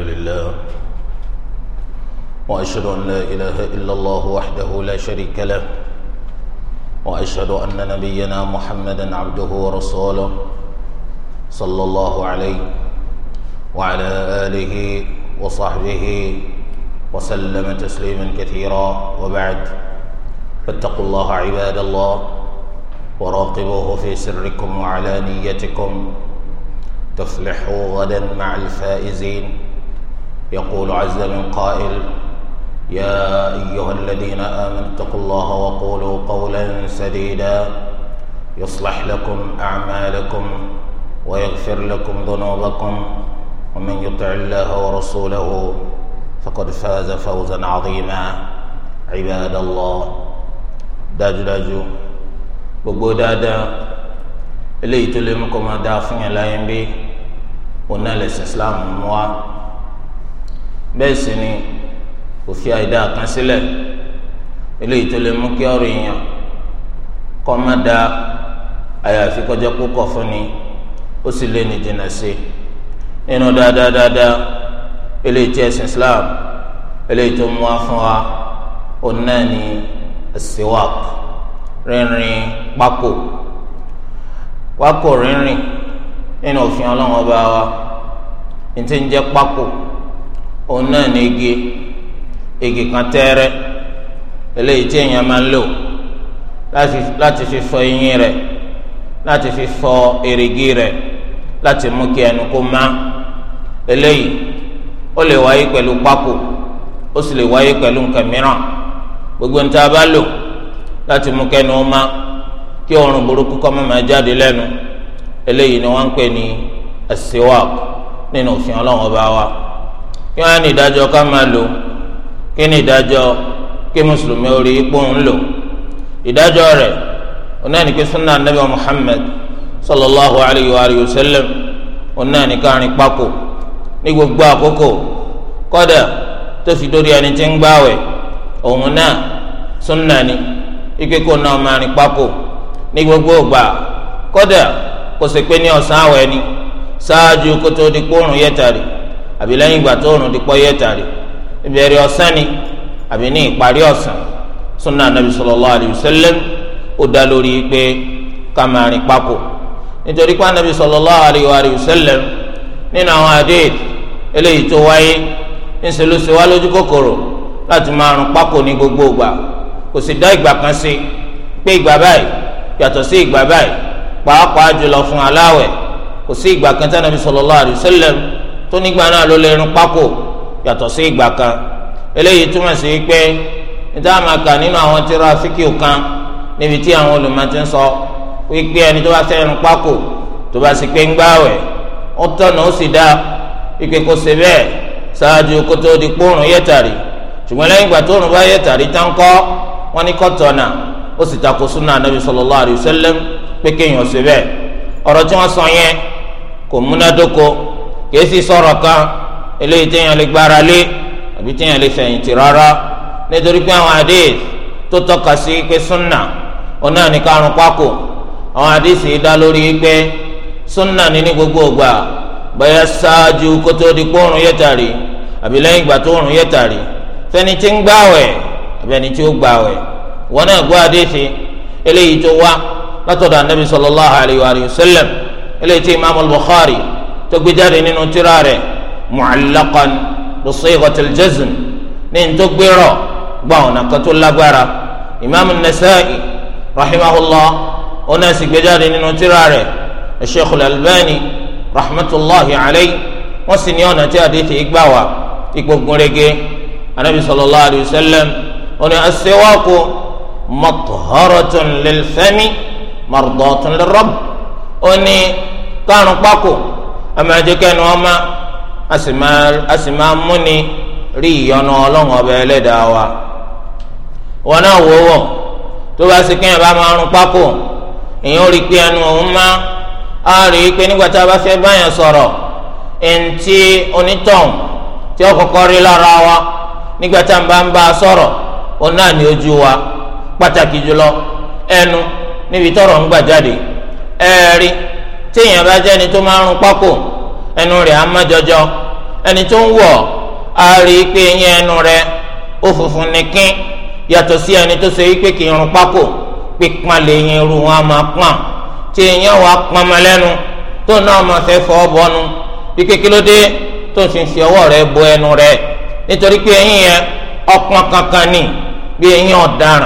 لله وأشهد أن لا إله إلا الله وحده لا شريك له وأشهد أن نبينا محمدا عبده ورسوله صلى الله عليه وعلى آله وصحبه وسلم تسليما كثيرا وبعد فاتقوا الله عباد الله وراقبوه في سركم وعلانيتكم تفلحوا غدا مع الفائزين يقول عز من قائل يا أيها الذين آمنوا اتقوا الله وقولوا قولا سديدا يصلح لكم أعمالكم ويغفر لكم ذنوبكم ومن يطع الله ورسوله فقد فاز فوزا عظيما عباد الله داج داج dáadáa دادا ليت لمكم دافن لا ينبي dáa الاسلام yẹn bẹ́ẹ̀ sì ni kò fi àìdá kan sílẹ̀ eléyìí tó lè mú kí ọ̀rọ̀ èèyàn kọ́ má da àyàfi kọjá púpọ̀ fún ni ó sì lè ní jìnnà sí nínú dáadáa dáadáa eléyìí tí ẹ̀sìn Islam eléyìí tó mú wa fún wa òun náà ní siwak rínrin pákò pákò rínrin nínú òfin ọlọ́run ọba wa ní ti ń jẹ́ pákò òun náà ní igi igi kan tẹ́rẹ́ eléyìí tí èèyàn máa ń lò láti fi fọ eyín rẹ̀ láti fi fọ èrìgì rẹ̀ láti mú kí ẹnu kó má eléyìí ó lè wáyé pẹ̀lú pákó ó sì lè wáyé pẹ̀lú nǹkan mìíràn gbogbo níta bá lò láti mú kẹ́nu ó má kí òórùn burúkú kó má máa jáde lẹ́nu eléyìí ni wọ́n ń pè ní asiwak nínú òfin ọlọ́run ọba wa kí wọn á ní ìdájọ́ ká máa lò kí ní ìdájọ́ kí mùsùlùmí orí ipò ń lò ìdájọ́ rẹ̀ onáni kí sunna anabi muhammed sallallahu alayhi wa sallam onáni kárin pákó ní gbogbo àkókò kódà tó fi dórí ẹni tí ń gbààwẹ̀ òun náà sunna ni ike kó náà máa rìn pákó ní gbogbo ìgbà kódà kò sì pé ní ọ̀sán àwẹ̀ ni ṣáájú kótó di kóòrùn yẹtàrí àbí lẹ́yìn ìgbà tó oòrùn ti pọ́ yẹ tàrí ìbẹ̀rẹ̀ ọ̀sán ni àbí ní ìparí ọ̀sán sunna anabi sallallahu alayhi wa sallam ó dá lórí pé ká máa rìn papọ̀ nítorí pé anabi sallallahu alayhi wa sallam nínú àwọn àdéhìí eléyìí tó wáyé ńṣe ló ṣe wá lójú kòkòrò láti máa rìn papọ̀ ní gbogbo ìgbà kò sì dá ìgbà kan sí pé ìgbà báyìí yàtọ̀ sí ìgbà báyìí pàápàá jùlọ fún aláwẹ̀ kò sí ìgbà kan tí anabi sallallahu alayhi wa sallam tó nígbà náà ló lè rún pákó yàtọ̀ sí ìgbà kan eléyìí túmọ̀ sí pé níta máa kà nínú àwọn tíra fíkìú kan níbi tí àwọn olùmọ̀ ti ń sọ wípé ẹni tó bá fẹ́ rún pákó tó bá sì pé ń gbààwẹ̀ ó tọ̀nà ó sì dá ìpè kò ṣe bẹ́ẹ̀ ṣáájú kó tó di pòrùn yẹ̀tàrí ṣùgbọ́n lẹ́yìn ìgbà tó rùn bá yẹ̀tàrí tán kọ́ wọ́n ní kọ́ tọ̀nà ó sì takò súnà anabi sallallahu alayhi pé kéèyàn ṣe bẹ́ẹ̀ ọ̀rọ̀ tí wọ́n sọ yẹn kò múnádóko kìí sì sọ̀rọ̀ kan eléyìí téèyàn lè gbára lé àbí téèyàn lè fẹ̀yìntì rárá nítorí pé àwọn hadith tó tọ́ka sí pé súnà òun náà ní karùn pákó àwọn hadith yìí dá lórí pé súnà ní ní gbogbo ògbà bẹ́ẹ̀ ṣáájú kó tó di kóòrùn yẹ̀tàrí àbí lẹ́yìn ìgbà tó òrùn yẹ̀tàrí fẹ́ni tí ń gbàwẹ̀ àbí ẹni tí ó gbàwẹ̀ wọn náà gbọ́ hadith eléyìí tó wá látọ̀dọ̀ anabi sallallahu alayhi tó gbé jáde nínú tírà rẹ̀ mu'allaqan bi sighatil jazm ní n tó gbérò gba ọ̀nà kan tó lágbára imaamu nasa'i rahimahullah ọ̀nà sì gbé jáde nínú tírà rẹ̀ sheikh al-albani rahmatulahi alayhi wọ́n sì ní ọ̀nà tí adéte gbà wá igbógun rege anabi sallallahu alayhi wa sallam ọ̀nà as-siwaku matharatun lil fami mardatun lil rabb amadekẹnu ọma asimamuni rí ìyọnu ọlọ́run ọba ẹlẹ́dàá wa wọn náà wò wọ tó bá sì kéèyàn bá máa rún pákó èèyàn rí pé ẹnu òun má á rí i pé nígbà tá a bá fẹ́ báyàn sọ̀rọ̀ ẹ̀ǹtí onítọ̀hún tí ó kọ́kọ́ rí lára wa nígbà tá a bá ń bá a sọ̀rọ̀ òun náà ní ojú wa pàtàkì jùlọ ẹnu níbi tọ́rọ̀ ń gbà jáde ẹ̀ẹ́rì. Eh, téèyàn bá jẹ́ ẹni tó máa ń rún pákó ẹnu rẹ̀ á mọ́ jọjọ ẹni tó ń wọ̀ á rí i pé eyín ẹnu rẹ̀ ó funfun ní kín yàtọ̀ sí ẹni tó ṣe wípé kì í rún pákó pípọn lè yín irú wọn á máa pọn tí èèyàn wàá pọn mọ lẹ́nu tó náà máa fẹ́ fọ́ bọ́nu bí kékeré dé tó ń fi ọwọ́ rẹ̀ bo ẹnu rẹ̀ nítorí pé eyín yẹn ọpọn kankan ni bí eyín ọ̀daràn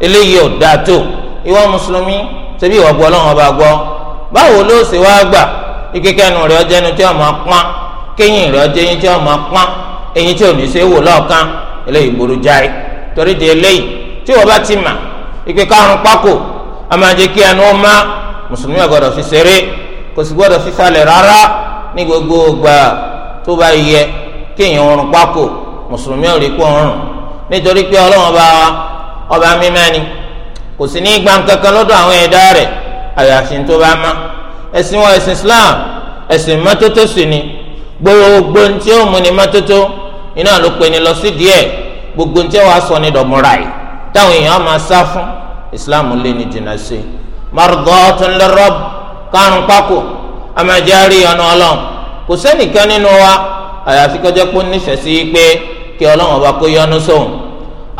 eléyìí ò dáa tó ìwọ mùsùlùmí ṣebí ìwọ gbọ́ Ọlọ́run ọba gbọ́ ba ló ṣe wá gbà ikekẹ́nu rẹ̀ ọjọ́ ẹni tí ọmọ pọ́n kéyìn rẹ̀ ọjọ́ ẹni tí ọmọ pọ́n ẹyin tí ò ní ṣe wò lọ́ọ̀kan eléyìí gbòòrò jáì torí di eléyìí tí wọ́n bá ti mà ipe karùn pákó a máa jẹ́ kí ẹnu ọmọ mùsùlùmí ọ̀gbọ́dọ̀ fi ṣeré kò sì fi rárá ní gbogbo tó bá yẹ ọrùn pákó mùsùlùmí ọba mímẹ́ni kò sì ní lọ́dọ̀ àyàfi tó bá má ẹ̀sìn wọn ẹ̀sìn Islam ẹ̀sìn mọ́tótó sì ni gbogbo ntí ó mú ni mọ́tótó iná ló pe ni lọ sí díẹ̀ gbogbo ntí wàá sọ ni dọ̀mọ́ra yìí táwọn èèyàn máa sá fún Islam lé ní jìnnà sí i mardatun lirab kárùn pákó amajari ọ̀nà ọlọ́run kò sẹ́nìkan nínú wa àyàfi kọjá pé nífẹ̀ẹ́ sí pé kí ọlọ́run ọba kó yọ́nú sóun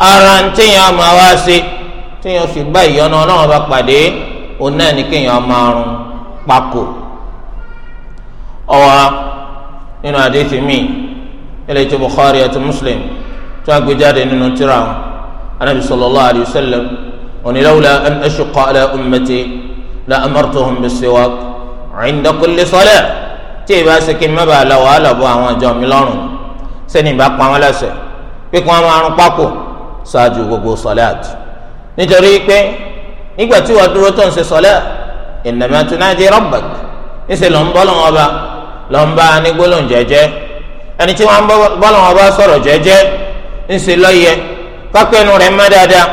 ara ń téèyàn máa wá sí téèyàn fi gbá ìyọ́nú ọlọ́run ọba pàdé òun náà ní kéèyàn máa rún pákò ọwọ́ nínú àdéhìí míì ilé tí Bukhari àti Muslim tó agbèjáde nínú tíra wọn anabi sallallahu alayhi wa sallam òní lawla an ashqa ala ummati la amartuhum bis-siwak inda kulli salah tí ìbá ṣe kí n má bàa la wàhálà bọ àwọn àjọ mi lọ́rùn sẹ́ni ìbá pa wọn lẹ́sẹ̀ pé kí wọ́n máa rún pákò ṣáájú gbogbo sọ́láàtì nítorí pé nígbà tí wàá dúró tó ń ṣe sọlẹ innama tunadi rabbak níṣẹ lọ ń bọ lọ́wọ́ ọba lọ ń bá ní gbólóhùn jẹ́jẹ́ ẹni tí wọn bọ lọ́wọ́ ọba sọ̀rọ̀ jẹ́jẹ́ níṣẹ lọyẹ kápẹ́nu rẹ̀ má dáadáa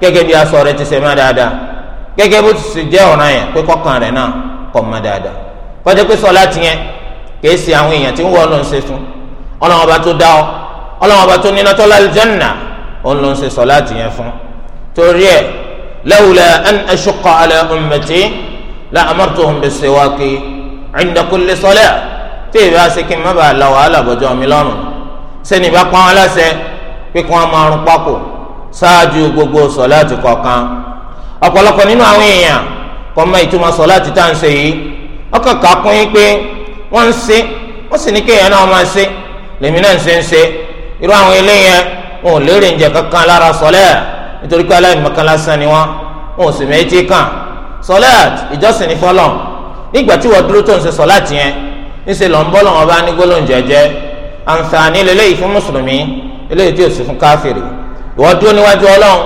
gẹ́gẹ́ bí aṣọ rẹ̀ ti ṣe má dáadáa gẹ́gẹ́ bó ti ṣe jẹ́ ọ̀ràn yẹn pé kọ́kàn rẹ̀ náà kọ́ má dáadáa kọjá pé sọlá tiẹ̀ kìí ṣe àwọn èèyàn tí ń wọ ń ṣe fún ọlọ́run لولا أن أشق على أمتي لأمرتهم بالسواك عند كل صلاة tí ìbá ṣe kí n má bàa la wàhálà bọ̀jọ́ mi lọ́rùn sẹ́ni bá pọ́n aláṣẹ pípọ́n márùn pákó ṣáájú gbogbo sọ̀láàtì kọ̀ọ̀kan ọ̀pọ̀lọpọ̀ nínú àwọn èèyàn kò mọ ìtumọ̀ sọ̀láàtì tá à ń ṣe yìí ọkàn kà kún yín pé wọ́n ń ṣe wọ́n sì ní kéèyàn náà máa ṣe lèmi náà ń ṣe ń ṣe irú àwọn eléyẹn wọn ò lérè ń jẹ kankan lára sọ̀lẹ́ẹ̀ nítorí pé aláìmọ̀kan lásán ni wọ́n wọn ò sì méjì kàn sọláàtì ìjọsìn ní fọlọ́n nígbà tí wọ́n dúró tó ń ṣe sọláàtì yẹn ńṣe lọ́n bọ́ lọ́wọ́ bá ní gbólóhùn jẹ́jẹ́ àǹfààní lélẹ́yìí fún mùsùlùmí eléyìí tí ò sí fún káfíìrì ìwọ́n dúró níwájú ọlọ́run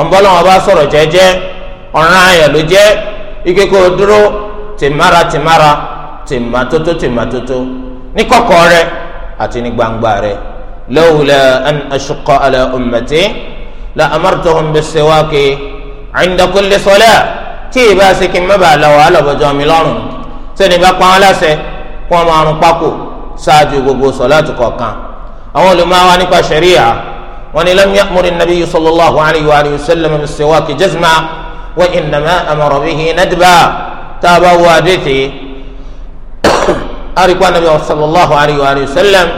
ọ̀nbọ́ lọ́wọ́ bá sọ̀rọ̀ jẹ́jẹ́ ọ̀ràn ayọ̀ ló jẹ́ ike kó o dúró tìmára tìmára tìmátótó tìmátótó ní kọ̀kọ̀ rẹ àti ní gbangba rẹ lawla an ashqa la amartuhum bis-siwaki inda kulli salat tí ì bá ṣe kí n má bàa lọ wàhálà bọjọ mi lọ́rùn sẹni bá pa wọn láṣẹ kó wọn máa rún pákó ṣáájú gbogbo sọláàtù kọ̀ọ̀kan àwọn olùmọ̀wá nípa ṣẹ̀ríà wọn ni lam ya'muri an-nabiyyu sallallahu alayhi wa alihi wa sallam bis-siwaki jazma wa innama amara bihi nadba tá a bá wọ adéte arikwa sallallahu alayhi wa alihi wa sallam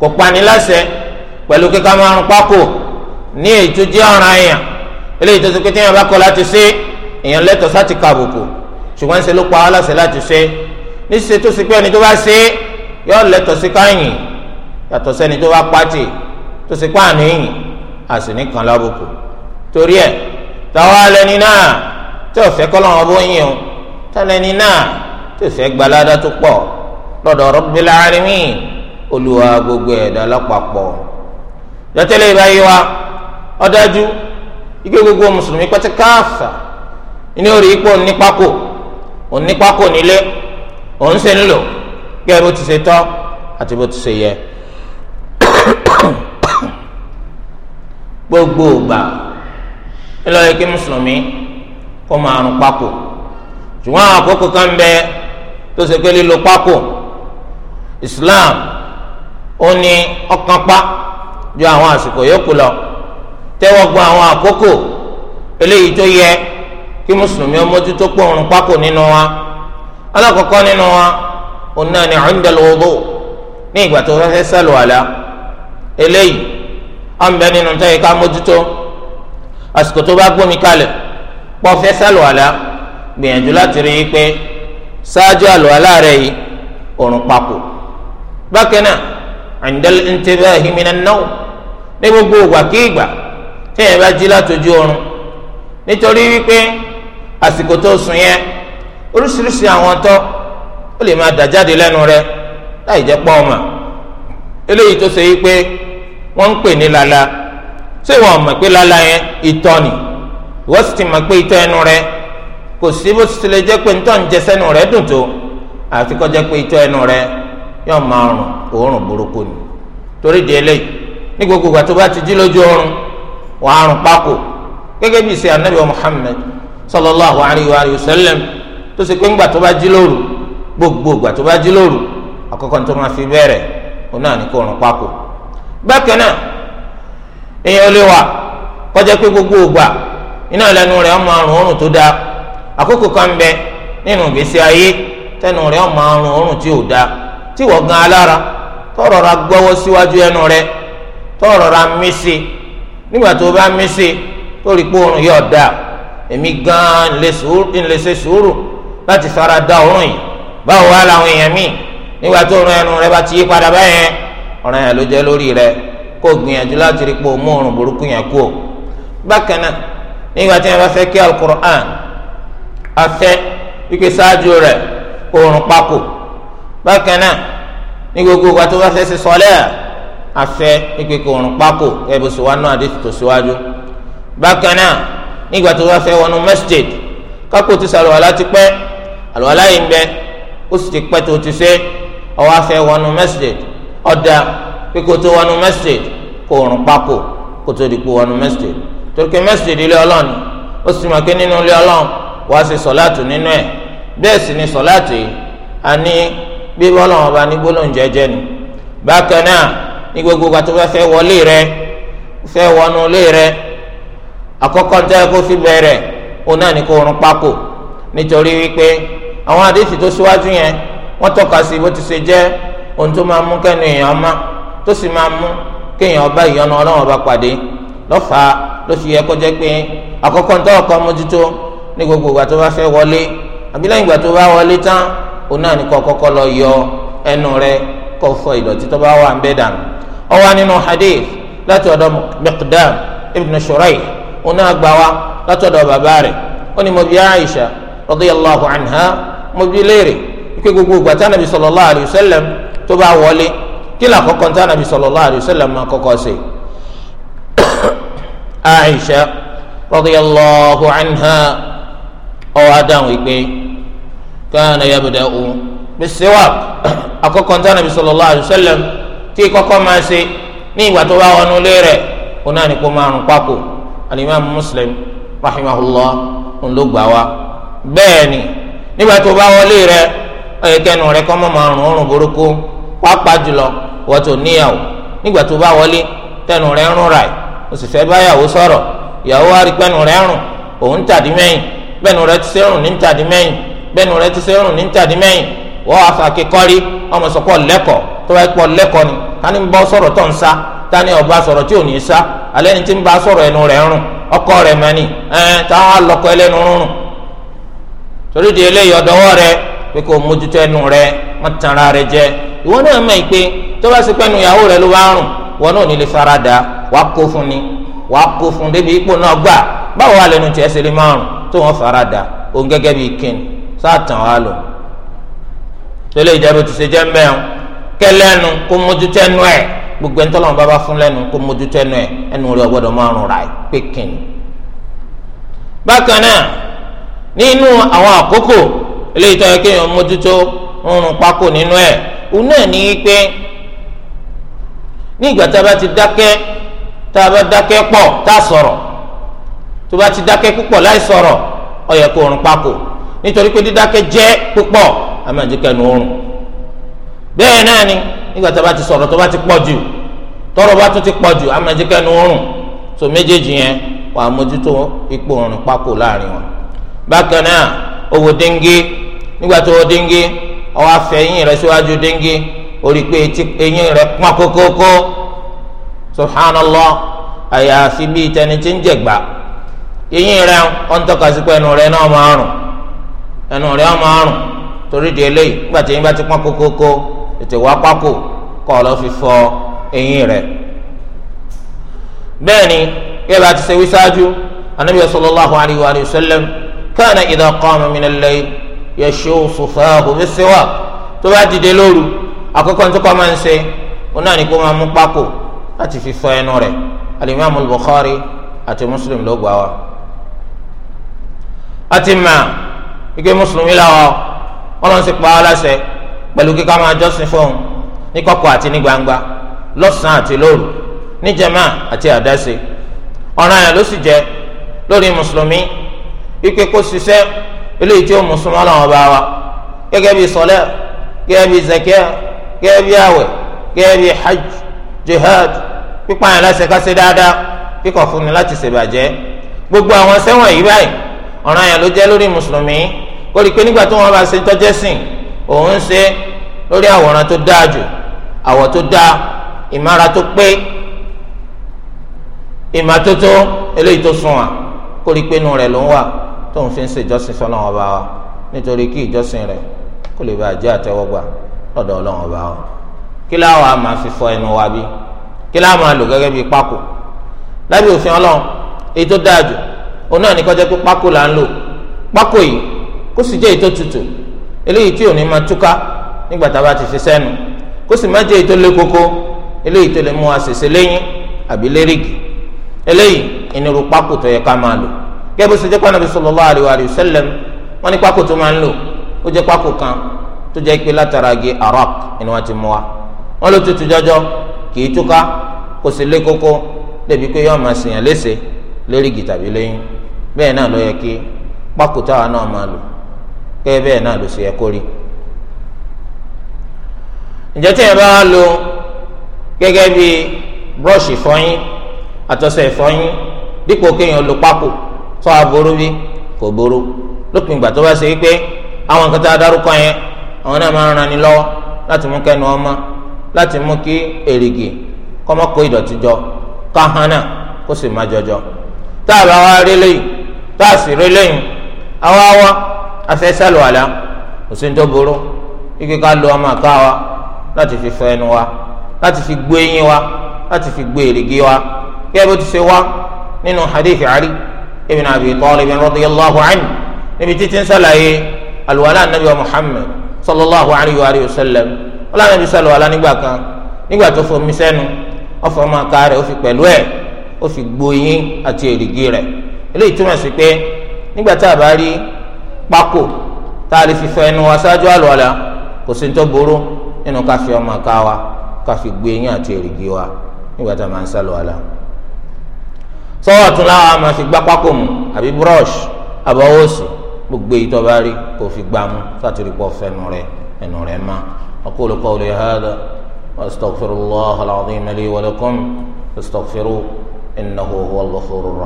kò pani láṣẹ pẹ̀lú kíkà máa rún pákó ní ètò jẹ́ ọ̀ràn èèyàn eléyìí tó ti pé téèyàn bá kọ̀ láti ṣe èèyàn lẹ́tọ̀ọ́ sáti kàbùkù ṣùgbọ́n ń ṣe ló pa á láṣẹ láti ṣe níṣẹ́ tó ṣe pé ẹni tó bá ṣe yọ lẹ́tọ̀ọ́ sí káyìn yàtọ̀ sẹ́ni tó bá pàtì tó ṣe pé àná èyìn àṣìní kan lábùkù torí ẹ̀ táwa lẹni náà tí ò fẹ́ kọ́ lọ́wọ́ bó yín o tálẹ́ni náà tí ò fẹ́ gbalada tó pọ̀ lọ́dọ̀ Rabbil alamin olùwà ọdájú ike gbogbo mùsùlùmí pẹ́tẹ́ káàfà ní orí ipò onípákò onípákò nílé òun ṣe ń lò gẹ́gẹ́ bó ti ṣe tọ́ àti bó ti ṣe yẹ. gbogbo ògbà ńlọrọ kí mùsùlùmí kó máa rún pákò ṣùgbọ́n àwọn àkókò kan ń bẹ tó ṣe pé lílo pákò Islam ó ní ọkàn pa ju àwọn àsìkò yòókù lọ. tẹ́wọ́ gbọ́n àwọn àkókò eléyìí tó yẹ kí mùsùlùmí ọmọdútó pọ̀ òrùn pákó nínú wa alákọ̀ọ́kọ́ nínú wa òun ni inda al-wudu ní ìgbà tó fẹ́ẹ́ sẹ́lù àlá eléyìí à ń bẹ nínú tó ká mójútó àsìkò tó bá gbómi kalẹ̀ pọ̀ fẹ́ sẹ́lù àlá gbìyànjú láti rí i pé ṣáájú àlọ́ yìí pákó náà al ní gbogbo téèyàn bá jí látọjú oorun nítorí wípé àsìkò tó sùn yẹn oríṣiríṣi àwọn tọ́ ó lè máa dà jáde lẹ́nu rẹ láì jẹ́ pọ́ ọmọ eléyìí tó ṣe wípé wọ́n ń pè ní lala ṣé ìwọ mọ̀ pé lala yẹn ìtọ̀ ni ìwọ sì ti mọ̀ pé ìtọ̀ ẹnu rẹ kò sí bó ti lè jẹ́ pé ntọ́ ń jẹ sẹ́nu rẹ dùn tó àfi kó jẹ́ pé ìtọ̀ ẹnu rẹ yóò máa rùn òórùn burúkú ni torí di eléyìí ní gbogbo ìgbà tó bá ti jí lójú oorun wà á rùn pákó gẹ́gẹ́ bí ṣe anabi muhammed sallallahu alayhi wa sallam tó ṣe pé ńgbà tó bá jí lóru gbogbo ìgbà tó bá jí lóru àkọ́kọ́ tó máa fi bẹ̀rẹ̀ òun náà ní kó rùn pákó bákan náà èèyàn lè wà kọjá pé gbogbo ìgbà iná ìlànà rẹ̀ ọmọ àrùn òórùn tó dáa àkókò kan bẹ nínú ìgbésí ayé tẹnu rẹ̀ ọmọ àrùn òórùn tí ò dáa tí wọ́n gan alára tọrọ ra gbọ́wọ́ síwájú ẹnu rẹ̀ tọrọ ra mísì nígbà tó o bá mí sí tó rí pé oorun yóò dà èmi gan-an ń lè ṣe sùúrù láti fara da oorun yìí báwo wá làwọn èèyàn míì nígbà tó oorun ẹnu rẹ bá ti yí padà báyẹn ọ̀ràn yẹn ló jẹ́ lórí rẹ kó gbìyànjú láti rí pé o mú oorun burúkú yẹn kú o bákan náà nígbà tí wọn bá fẹ́ kí alukur'an afẹ́ wípé ṣáájú rẹ oorun pákó bákan náà ní gbogbo ìgbà tó bá fẹ́ ṣe sọlẹ́ẹ̀ afẹ́ pípé kò rún pákó ẹ̀bù síwájú náà àdéhùn tó síwájú. bákan náà nígbà tó bá fẹ́ wọnú masjid kápò ti sàlùwàlá ti pẹ́ àlùwàlá yìí ń bẹ ó sì ti pẹ́ tó ti ṣe ọwọ́ afẹ́ wọnú masjid ọ̀dà pípé tó wọnú masjid kò rún pákó kó tó di wọnú masjid torí pé masjid ilé ọlọ́ọ̀ni ó sì mọ̀ pé nínú ilé ọlọ́ọ̀n wàá ṣe sọ̀láàtù nínú ẹ̀ bẹ́ẹ̀ sì ni sọ̀láàtù yìí a ní bí bọ́lọ̀ wọn bá ní gbólóhùn jẹ́jẹ́ ni bákan náà ní gbogbo ìgbà tó bá fẹ́ wọlé rẹ fẹ́ wọnú lé rẹ àkọ́kọ́ tẹ́ kó fi bẹ̀rẹ̀ òun náà ní kó rún pákò nítorí wípé àwọn àdéhìí tó síwájú yẹn wọ́n tọ́ka sí bó ti ṣe jẹ́ ohun tó máa mú kẹ́nu èèyàn má tó sì máa mú kéèyàn bá ìyọnu ọlọ́run ọba pàdé lọ́fàá ló fi yẹ kó jẹ́ pé àkọ́kọ́ ń tọ́wọ́ mójútó ní gbogbo ìgbà tó bá fẹ́ wọlé àbí lẹ́yìn tó bá wọlé tán òun náà ní kó kọ́kọ́ lọ yọ ẹnu rẹ kó fọ ìdọ̀tí tó bá wà ń bẹ́ dànù ó wà nínú hadith láti ọ̀dọ̀ Miqdam ibn Shurayh ọ̀nà àgbà wa láti ọ̀dọ̀ bàbá rẹ̀ ó ní mo bi Aisha radiyallahu anha mo bi léèrè pé gbogbo ìgbà tí anabi sallallahu alayhi wa sallam tó bá wọlé kí ni àkọ́kọ́ tí anabi sallallahu alayhi wa sallam máa kọ́kọ́ ṣe Aisha radiyallahu anha ó wá dáhùn ìpè kana yabda'u bis-siwak àkọ́kọ́ tí anabi sallallahu alayhi wa sallam tí kọ́kọ́ máa ṣe ní ìgbà tó bá wọnú ilé rẹ̀ kó náà ní kó máa rún pákò alimami muslim rahimahullah ń ló gbà wá bẹ́ẹ̀ ni nígbà tó bá wọlé rẹ̀ ẹ̀kẹ́nu rẹ̀ kọ́ máa rún ọrùn burúkú pápá jùlọ wọ́n tó níyàwó nígbà tó bá wọlé tẹnu rẹ̀ ń rún ra ẹ̀ o sì fẹ́ báyàwó sọ̀rọ̀ ìyàwó wa rí pẹ́nu rẹ̀ rùn òun ń tàdí mẹ́yìn bẹ́nu rẹ̀ ti ṣe rùn ní ń tàdí mẹ́yìn bẹ́nu rẹ̀ ti ṣe rùn ní ń tàdí mẹ́yìn wọ́n á fa kíkọ́rí ọmọ sọ́kọ́ lẹ́kọ̀ọ́ tó bá pọ̀ ni tani ń bọ́ sọ̀rọ̀ tó ń sa tani ọba sọ̀rọ̀ tí ò ní alẹ́ ni tí ń bá sọ̀rọ̀ ẹnu rẹ̀ ọkọ rẹ̀ mẹ́ni ẹlẹ́nu torí di eléyìí ọ̀dọ́wọ́ rẹ pé kò mójútó ẹnu rẹ wọ́n tanra rẹ jẹ ìwọ náà mọ̀ pé tó bá ṣe pẹ́nu ìyàwó rẹ ló bá rùn wọn náà ò ní farada wàá kó fún ni wàá kó fún débi ipò náà gbà báwo wà lẹnu tiẹ̀ ṣe lè rùn tó kẹlẹ́nu kó mójútó ẹnu ẹ̀ gbogbo ẹni tọ́lọ́mù bàbá fún lẹ́nu kó mójútó ẹnu ẹ̀ ẹnu rẹ̀ gbọ́dọ̀ máa rùn ráì pé kìnnì. bákan náà nínú àwọn àkókò eléyìí tó yẹ kéèyàn mójútó rúnrún pákó nínú ẹ̀ òun náà ní í pé ní ìgbà tá a bá ti dákẹ́ tá a bá dákẹ́ pọ̀ tá a sọ̀rọ̀ tó bá ti dákẹ́ púpọ̀ láì sọ̀rọ̀ ó rún pákó nítorí pé dídákẹ́ jẹ́ púpọ̀ àmọ́ àjẹkẹ́nu òórùn bẹ́ẹ̀ náà ni nígbà tó bá ti sọ̀rọ̀ tó bá ti pọ̀ jù ti pọ̀ jù nu méjèèjì yẹn wà á mójútó ipò pákó láàrin wọn. bákan náà owó dengue nígbà tó owó dengue ọwọ́ afẹ́ eyín rẹ síwájú dengue orí pé eyín rẹ pọ́n kókókó subhanallah àyàfi bíi tẹni tí ń tètè wá pákó kọ́ ọ lọ fi fọ eyín rẹ̀ bẹ́ẹ̀ ni yẹ́n bá ti ṣe wí ṣáájú anabi sallallahu alayhi wa sallam kana idha qama min al-layl yashusu fahu bis-siwak tó bá dìde lóru àkọ́kọ́ ní tó kọ́ máa ń ṣe wọn náà ní kó máa mú pákó láti fi fọ ẹnu rẹ̀ alimami al-bukhari àti muslim ló gbà wá àti mà ike mùsùlùmí làwọn wọn lọ sí pa á láṣẹ pẹ̀lú kíkọ́ máa jọ́sìn fóun ní kọ̀kọ̀ àti ní gbangba lọ́sàn-án àti lóru ní jàmá àti àdáṣe ọ̀ràn yẹn ló sì jẹ́ lórí mùsùlùmí wípé kó ṣiṣẹ́ eléyìí tí ó mùsùlùmí ọlọ́run ọba wa gẹ́gẹ́ bíi sọlẹ́ gẹ́gẹ́ bíi zakẹ́ gẹ́gẹ́ bíi àwẹ̀ gẹ́gẹ́ bíi hajj jihad pípa yẹn láṣẹ ká ṣe dáadáa kíkọ̀ fún ni láti ṣèbàjẹ́ gbogbo àwọn sẹ́wọ̀n yìí báyìí ọ̀ràn yẹn ló jẹ́ lórí mùsùlùmí kó rí i pé nígbà tó wọn bá ṣe tọ́jẹ́sìn òun ṣe lórí àwòrán tó dáa jù àwọ̀ tó dáa ìmára tó pé ìmọ́tótó eléyìí tó sunwọ̀n kó rí i pé inú rẹ̀ ló ń wà tó ń fi ń ṣe ìjọsìn fún ọlọ́run ọba wa nítorí kí ìjọsìn rẹ̀ kó lè bàa jẹ́ àtẹ́wọ́gbà lọ́dọ̀ ọlọ́run ọba wa kí láwọn a máa fi fọ ẹnu wa bí kí láwọn máa lò gẹ́gẹ́ bí pákó lábẹ́ òfin ọlọ́run èyí tó dáa jù òun náà ní kọjá pé pákó là ń lò pákó yìí kó sì jẹ́ èyí tó tutù eléyìí tí ò ní máa túká nígbà tá a bá ti fi sẹ́nu kó sì má jẹ́ èyí lé koko eléyìí tó lè mú àṣẹṣe lẹ́yìn àbí lérìgì eléyìí ìnirú pákó tó yẹ ká máa lò gẹ́gẹ́ bó ṣe jẹ́ pàánà bí sallallahu alaihi wa sallam wọ́n ní pákó tó máa ń lò ó jẹ́ pákó kan tó jẹ́ pé látara arak ni wọ́n ti mú wa wọ́n ló tutù jọjọ kì í túká kò sì lé koko débi pé yọ́n máa sèyàn léṣe lérìgì tàbí lẹ́yìn bẹ́ẹ̀ náà ló yẹ kí pákó táwa náà máa lò kẹ́ bẹ́ẹ̀ náà ló ṣe yẹ kó rí ǹjẹ́ tí ẹ bá lo gẹ́gẹ́ bí búrọ́ọ̀ṣì ìfọyín àtọṣẹ ìfọyín dípò kéèyàn lo pákó tó aburú bí kò ború lópin ìgbà tó bá ṣe wípé àwọn nǹkan tá a dárúkọ yẹn àwọn náà máa ń ran lọ́wọ́ láti mú kẹ́nu ọmọ láti mú kí èrìgì kọ́mọ́ kó ìdọ̀tí jọ káhánà kó sì má jọjọ tá a bá wá rí lẹ́yìn tá a sì rí lẹ́yìn àwa wá. afẹ́ sálọ àlá òsín tó burú ike ká lo ọmọ àká wa láti fi fọ ẹnu wa láti fi gbó eyín wa láti fi gbó èrìgì wa kí ẹ bó ti ṣe wá nínú hadith Ali ibn Abi Talib radiyallahu anhu níbi títí ń sàlàyé alùwàlá anabi wa Muhammad sallallahu alayhi wa sallam wọ́n lànà ibi sàlọ̀ àlá nígbà kan nígbà tó fomi sẹ́nu ọ̀fọ̀ ọmọ àká rẹ̀ ó fi pẹ̀lú ẹ̀ gbó eyín àti èrìgì rẹ̀ eléyìí túmọ̀ sí pé nígbà tá a bá rí pákò tá a lè fi fọ ẹnu wa ṣáájú àlùwàlà kò sí ní tó burú nínú ká fi ọmọ ká wa ká fi gbé eyín àti èrìgì wa nígbà tá a máa ń ṣàlùwàlà. sọ́wọ́ ọ̀tún láwa máa fi gbá pákò mu àbí brush àbọ̀wọ́ òsì gbogbo èyí tó bá rí kò fi gbá mu sátìrì pọ̀ fẹnu rẹ ẹnu rẹ má. aqulu qawli hadha wa astaghfirullaha al-azim li wa lakum fastaghfiruhu innahu huwal ghafurur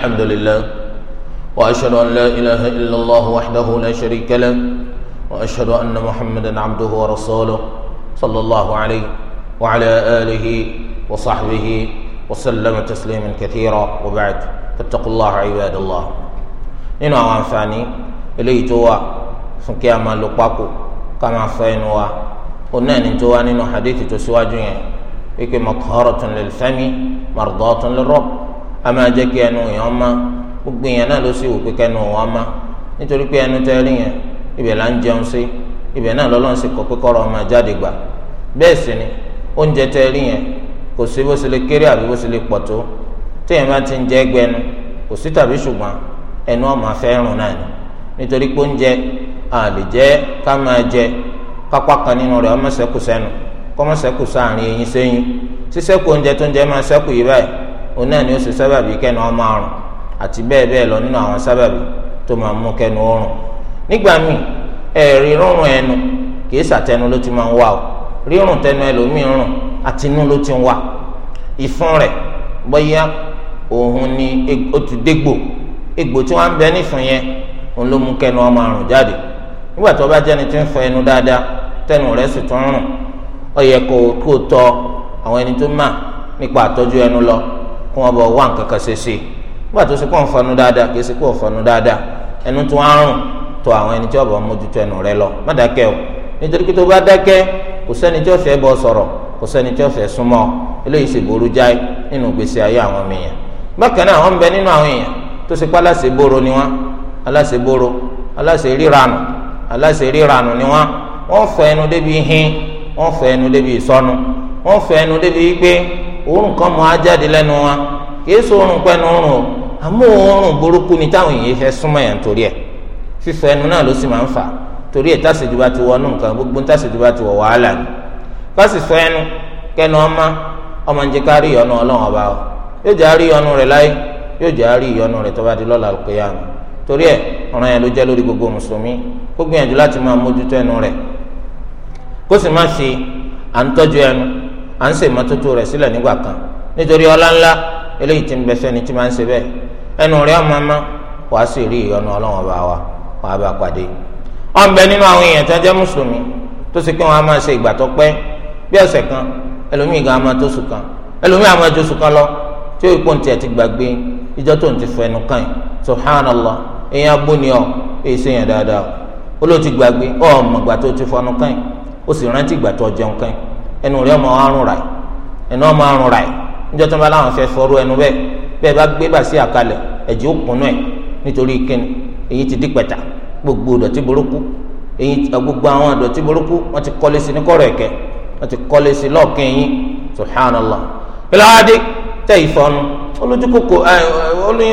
الحمد لله وأشهد أن لا إله إلا الله وحده لا شريك له وأشهد أن محمدا عبده ورسوله صلى الله عليه وعلى آله وصحبه وسلم تسليما كثيرا وبعد فاتقوا الله عباد الله إن eléyìí tó wà fún kí a توا ká máa fọ ẹnu wa òun náà ní tó naa a máa jẹ́ kí ẹnu èèyàn ọma gbogbo èèyàn náà ló sì wò pé kẹnu wọn má nítorí pé ẹnu tẹ́ rí yẹn ibẹ̀ là ń jẹun sí ibẹ̀ náà lọ́lọ́run sì kọ́ pé kọ́rọ̀ jáde gbà sì ni oúnjẹ tẹ́ rí yẹn kò sí bó kéré àbí bó ti ń jẹ gbẹnu kò sí tàbí ẹnu ọmọ náà ni nítorí pé oúnjẹ jẹ ká máa jẹ kápá kan nínú ọmọ sáàrin eyín oúnjẹ tó ń jẹ máa òun náà ni ó ṣe sábàbí kẹ́nu ọmọ àrùn àti bẹ́ẹ̀ bẹ́ẹ̀ lọ nínú àwọn sábàbí tó máa mú kẹ́nu ọrùn nígbà míì ẹ̀rí rúnrún ẹnu kìí sàtẹnu ló ti máa ń wá o rírùn tẹnu ẹlòmíì rùn àtinú ló ti ń wá ìfun rẹ̀ bóyá òun ni ó ti dégbò egbò tí wọ́n á ń bẹ nífun yẹn òun ló mú kẹ́nu ọmọ àrùn jáde nígbà tó bá jẹ́ni tí ń fọ ẹnu dáadáa tẹnu rẹ̀ sì tún rùn ó yẹ tọ àwọn ẹni tó mà nípa àtọ́jú ẹnu lọ kó wọn bọ wá nǹkan kan ṣe ṣe nígbà tó ṣe kó ń fọnu dáadáa kì í ṣe kó ń fọnu dáadáa ẹnu tó ń rùn tó àwọn ẹni tí wọn bọ mójútó ẹnu rẹ lọ má dákẹ́ o nítorí pé tó bá dákẹ́ kò sẹ́ni tí wọ́n fẹ́ bọ́ sọ̀rọ̀ kò sẹ́ni tí wọ́n fẹ́ súnmọ́ eléyìí ṣe burú jáì nínú ìgbésí ayé àwọn èèyàn bákan náà wọ́n bẹ nínú àwọn èèyàn tó ṣe pé aláṣẹ bóró ni wọ́n aláṣẹ bóró aláṣẹ ríranù aláṣẹ ríranù ni wọ́n wọ́n fọ ẹnu débi hin wọ́n fọ ẹnu débi ìsọnu wọ́n fọ ẹnu débi gbé òórùn kan mọ́ á jáde lẹ́nu wa kìí sọ òórùn pẹ́ẹ́nu òórùn o àmọ́ òórùn burúkú ni táwọn èèyàn fẹ́ súnmọ́ yẹn torí ẹ̀ fífọ ẹnu náà ló sì máa ń fà torí ẹ̀ tásìdìbà ti wọ nǹkan gbogbo tásìdìbà ti wọ wàhálà ni kásì fọ ẹnu kẹnu ọmọ ọmọ njẹ ká rí ìyọnu ọlọ́run ọba o yóò jẹ́ àárí ìyọnu rẹ̀ láyé yóò jẹ́ àárí ìyọnu rẹ̀ tó di lọ́la àlùkìyámà torí ẹ̀ ọ̀ràn à ń ṣe ìmọ́tótó rẹ̀ sílẹ̀ nígbà kan nítorí ọlá ńlá eléyìí tí ń bẹ fẹ́ni tí máa ń ṣe bẹ́ẹ̀ ẹnu rẹ̀ ọmọ ọmọ wàá sì rí ìyọnu ọlọ́wọ́n bá wa wàá bá pàdé. ọ̀nbẹ nínú àwọn èèyàn tó jẹ́ mùsùlùmí tó sì pé wọn á máa ṣe ìgbà tó pẹ́ bí ọ̀sẹ̀ kan ẹlòmíì gan máa tó sùn kan ẹlòmíì àwọn ẹjọ́ sùn kan lọ tí ó ipò ntí ẹ ti gbàgbé ìjọ tó ń ti fẹnu kàn yín subhanallah èèyàn abúni ẹnu rẹ ọmọ àrùn rà ẹnu ọmọ àrùn rà níjọ́ tó ń bá láwọn fẹ́ fọrú ẹnu bẹ́ẹ̀ bẹ́ẹ̀ bá gbé bàṣẹ àkàlẹ̀ ẹ̀jẹ̀ ó kùnú ẹ̀ nítorí kíni èyí ti dípẹ̀tà gbogbo ìdọ̀tí burúkú èyí gbogbo àwọn ìdọ̀tí burúkú wọ́n ti kọ́lé sí ní kọ́rọ̀ ẹ̀kẹ́ wọ́n ti kọ́lé sí lọ́ọ̀kẹ́ yín subhanallah kíláàdé tẹ ìfọnu olójú kòkò olú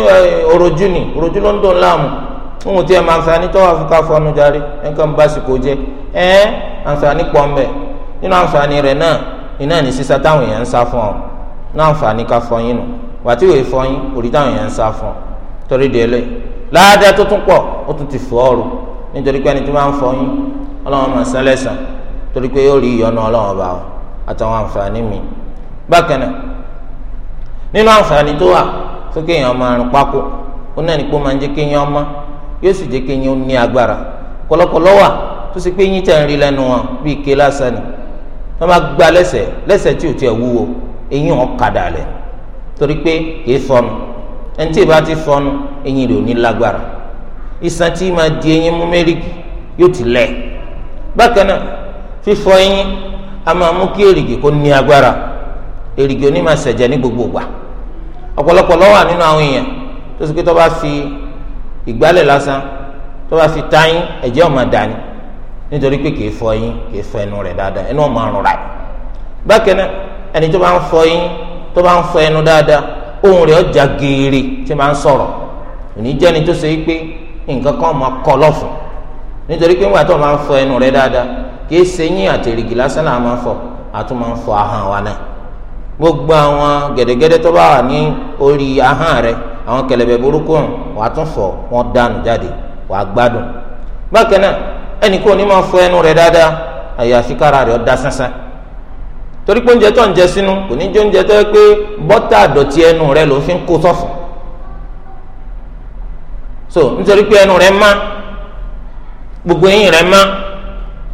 òròjú ni òròjú ló ń dùn láàmú fún òtí ẹ̀ máa ń sa ní tọ́wọ́ àfikà fọnu járe ẹ̀ ń kàn bá sìkò jẹ ẹ̀ ń sa ní pọ́ńbẹ́ nínú àǹfààní rẹ náà iná ní sísá táwọn èèyàn ń fún ọ ní àǹfààní ká fọyín nù wàtí òye fọyín òrí táwọn èèyàn ń sá fún ọ torí délé láàdá tó tún pọ̀ ó tún ti fọ́ ọ̀rù nítorí pé ẹni tó máa ń fọyín torí pé yóò rí ìyọnu ọ àtàwọn àǹfààní mi bákan náà nínú wà máa rìn pákó ó ọmọ yóò sì jẹ́ kéèyàn ó ní wọ́n máa gba lẹ́sẹ̀ lẹ́sẹ̀ tí ò tiẹ̀ wúwo eyín ọ̀kadà lẹ̀ torí pé kì í sọnù ẹni tí ìbá ti sọnù eyín rẹ̀ ò ní lágbára iṣan tí máa di eyín mú mẹ́rìkì yóò ti lẹ̀ bákan náà fífọ eyín a máa mú kí èrìgì kó ní agbára èrìgì ò ní máa ṣẹ̀jẹ̀ ní gbogbo ìgbà ọ̀pọ̀lọpọ̀ lọ́wọ́ nínú àwọn èèyàn tó sì pé tó bá fi ìgbálẹ̀ lásán tó bá fi táyín ẹ̀jẹ̀ ó máa dání nítorí pé kìí fọ yín kìí fọ ẹnu rẹ̀ dáadáa ẹnu ọmọ àrùn rà bákan náà ẹni tó bá ń fọ yín tó bá ń fọ ẹnu dáadáa ohùn rẹ̀ ọjà geere tí máa ń sọ̀rọ̀ òní jẹni tó ṣe pé nǹkan kan máa kọ lọfùn nítorí pé ńgbà tó máa ń fọ ẹnu rẹ̀ dáadáa kìí ṣe yín àti èrìgì lásán náà máa ń fọ àtún máa ń fọ ahọ́n wa náà gbogbo àwọn gẹ̀dẹ̀gẹ̀dẹ̀ tó bá wà ní orí ahọ́n rẹ̀ àwọn kẹlẹ̀bẹ̀ burúkú wàá tún fọ wọn dànù jáde wàá gbádùn bákan náà ẹnì kò ní máa fọ ẹnu dada. dáadáa àyàfi kára rẹ̀ ó dá torí pé oúnjẹ tó ń jẹ sínú kò ní jẹ oúnjẹ tó yẹ pé fi ń so nítorí pé ẹnu rẹ̀ má gbogbo eyín rẹ̀ má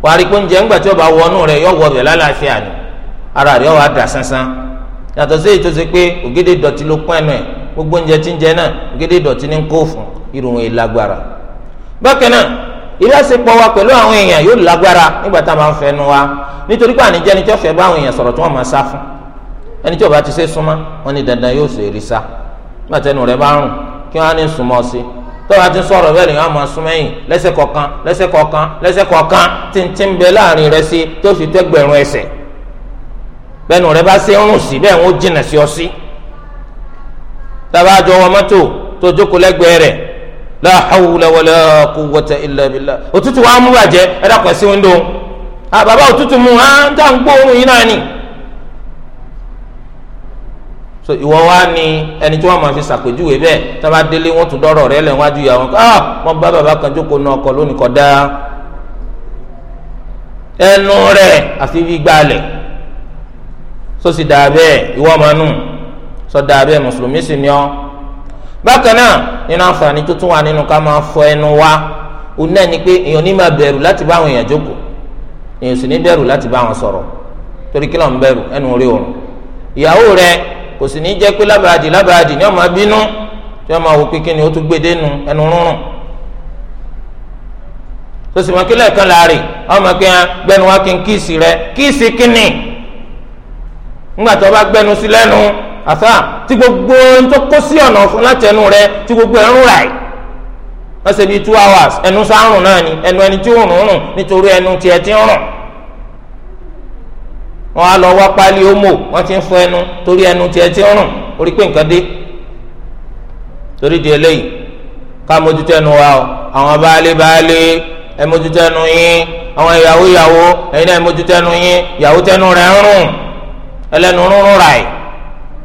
wàá pé oúnjẹ ńgbà tí ó bá wọnú ara yàtọ̀ sí èyí tó ṣe pé dọ̀tí ló ẹnu gbogbo oúnjẹ tí ń jẹ ìbáṣepọ̀ wa pẹ̀lú àwọn èèyàn yóò lágbára nígbà tá a máa ń fẹnu wa nítorí pé àníjẹ́ ẹni tí wọ́n fẹ́ bá àwọn èèyàn sọ̀rọ̀ tí wọ́n máa sá fún ẹni tí ó bá ti ṣe súnmọ́ wọn ni dandan yóò ṣe rí sá nígbà tẹnu rẹ bá rùn kí wọ́n á ní súnmọ́ sí i tó bá ti sọ̀rọ̀ bẹ́ẹ̀ ni wọ́n máa sún mẹ́yìn lẹ́sẹ̀ kọ̀ọ̀kan lẹ́sẹ̀ kọ̀ọ̀kan lẹ́sẹ̀ kọ̀ọ̀kan tìǹtìǹ bẹ láàrin ń rùn sí la hawla wala quwwata illa billah òtútù wa mú bàjẹ́ ẹ dàpọ̀ sí wíńdò à ah, bàbá òtútù mu à ah, ń tà ń gbóòórùn yín náà ni. so ìwọ wa ni ẹni tí wọn máa fi ṣàpèjúwe bẹ́ẹ̀ tí wọn bá délé wọn tún dọ̀rọ̀ rẹ̀ lẹwájú ìyàwó ká wọn bá bàbá kan jókòó náà ọkọ lónìí kọ dáa ẹnu rẹ̀ àfi bí gbalẹ̀ so sì dàbẹ ìwọ ọmọ nù sọ dàbẹ mùsùlùmí sì ni ọ bákan náà nínú àǹfààní tó tún wà nínú ká máa fọ ẹnu wa òun náà ni pé èèyàn ní máa bẹ̀rù láti bá àwọn èèyàn jókòó èèyàn sì ní bẹ̀rù láti bá àwọn sọ̀rọ̀ torí kí lóun bẹ̀rù ẹnu rí òrùn ìyàwó rẹ kò sì ní jẹ́ pé lábàádì lábàádì ni ó máa bínú tí wọ́n máa wò pé kí ni ó tún gbé dénú ẹnu rúnrún tó sì mọ kí lẹ́ẹ̀kan láàrin ọmọ kí wọn ah, gbẹnu wa kí n kíìsì rẹ kíìsì kínni ńgbà tó bá gbẹnu sí lẹ́nu àfa tí gbogbo ń tó kó sí ọ̀nà fún láti ẹnu rẹ tí gbogbo ẹ̀ ń rúra ẹ̀ wọ́n ṣe bíi two hours ẹnu sáárùn náà ni ẹnu ẹni tí ó rùn rùn nítorí ẹnu tiẹ̀ ti ń rùn wọ́n á lọ wá pálí ómò wọ́n ti ń fọ ẹnu torí ẹnu tiẹ̀ ti ń rùn orí pé nǹkan dé torí di eléyìí ká mójútó ẹnu wa o àwọn baálé baálé ẹ mójútó ẹnu yín àwọn ìyàwó ìyàwó ẹ̀yin náà ẹ mójútó ẹnu yín ìyàwó tẹnu rẹ̀ ń rùn ẹlẹ́nu rúnrún rà yìí.